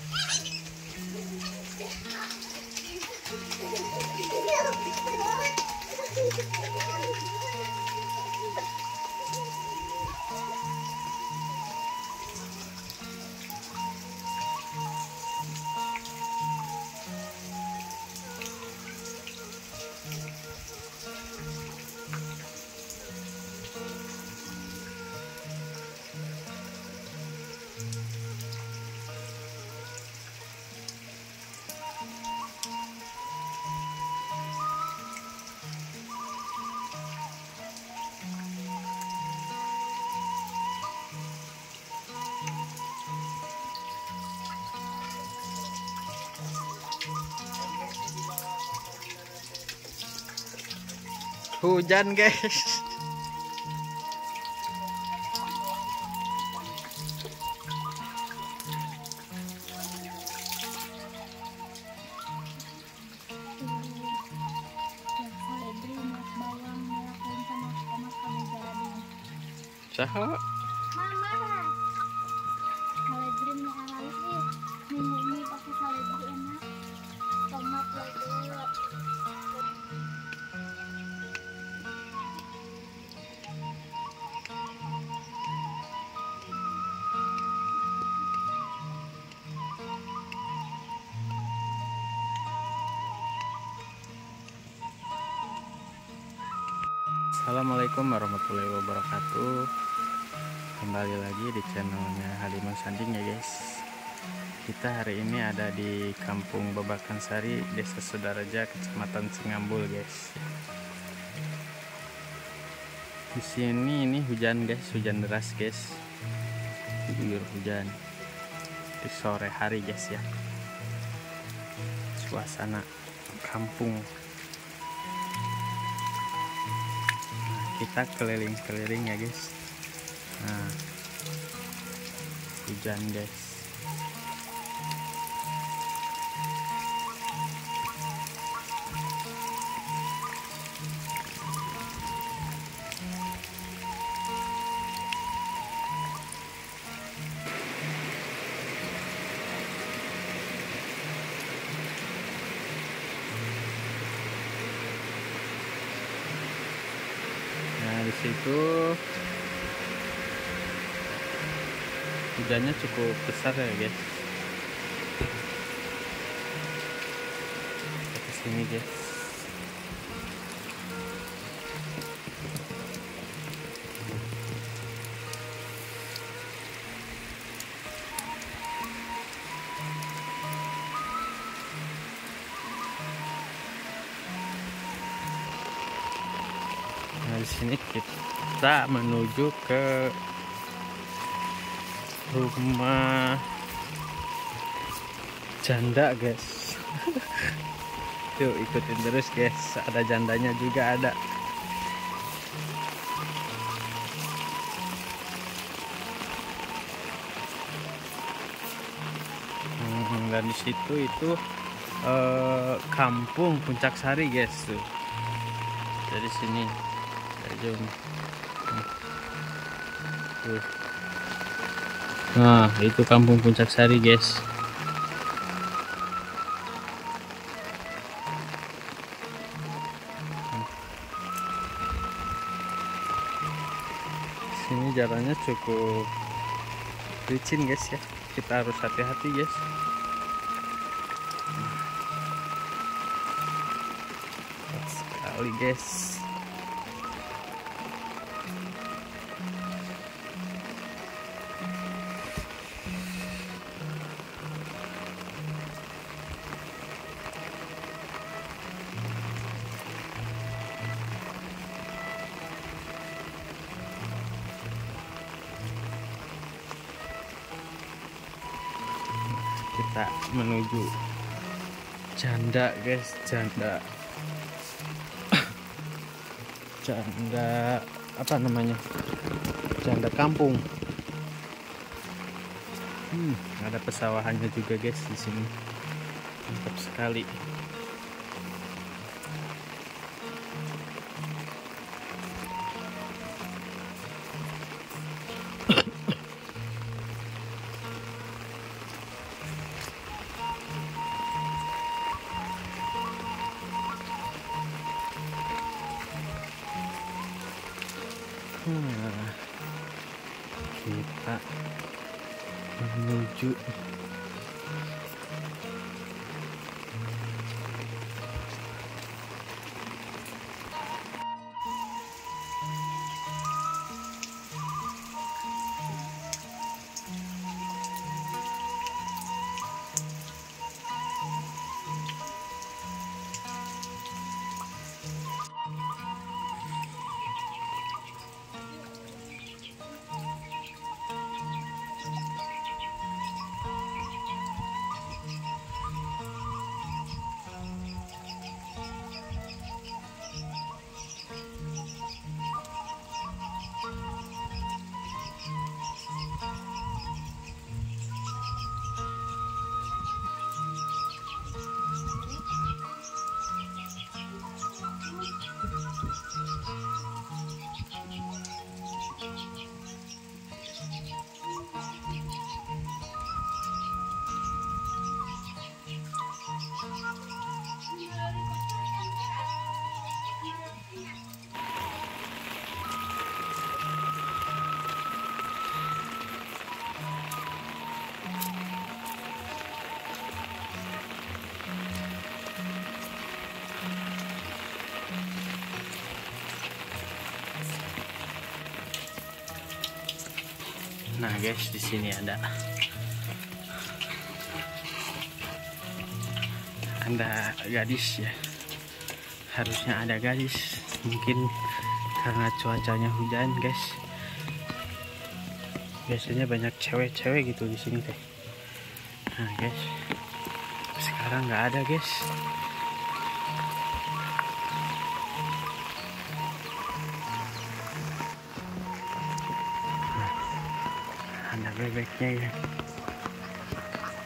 Thank you. hujan guys Saha? Assalamualaikum warahmatullahi wabarakatuh Kembali lagi di channelnya Halimun Sanding ya guys Kita hari ini ada di kampung Babakan Sari Desa Sudaraja, Kecamatan Singambul guys Di sini ini hujan guys, hujan deras guys Hujur hujan Di sore hari guys ya Suasana kampung kita keliling-keliling ya guys nah hujan guys situ hujannya cukup besar ya guys ke sini guys sini kita menuju ke rumah janda guys yuk ikutin terus guys ada jandanya juga ada hmm, dan di itu eh, kampung puncak sari guys tuh dari sini nah itu kampung puncak sari guys sini jalannya cukup licin guys ya kita harus hati-hati guys nah. sekali guys kita menuju janda guys janda janda apa namanya janda kampung hmm, ada pesawahannya juga guys di sini mantap sekali kita menuju guys di sini ada ada gadis ya harusnya ada gadis mungkin karena cuacanya hujan guys biasanya banyak cewek-cewek gitu di sini teh nah guys sekarang nggak ada guys bebeknya ya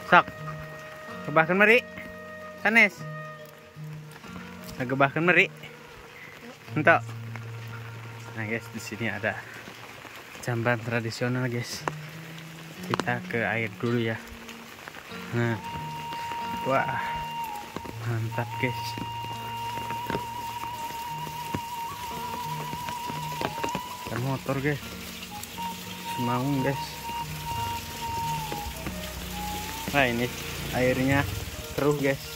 sok gebahkan meri sanes gebahkan meri entok nah guys di sini ada jamban tradisional guys kita ke air dulu ya nah wah mantap guys motor guys semau guys nah ini airnya keruh guys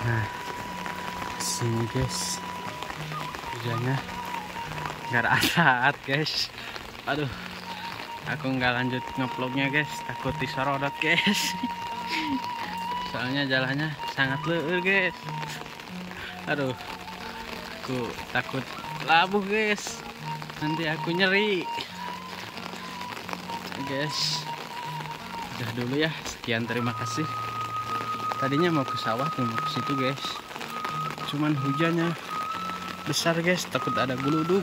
Nah, sini guys, hujannya gara saat guys aduh aku nggak lanjut ngevlognya guys takut disorot guys soalnya jalannya sangat leur guys aduh aku takut labu guys nanti aku nyeri guys udah dulu ya sekian terima kasih tadinya mau ke sawah tuh mau ke situ guys cuman hujannya besar guys takut ada guludug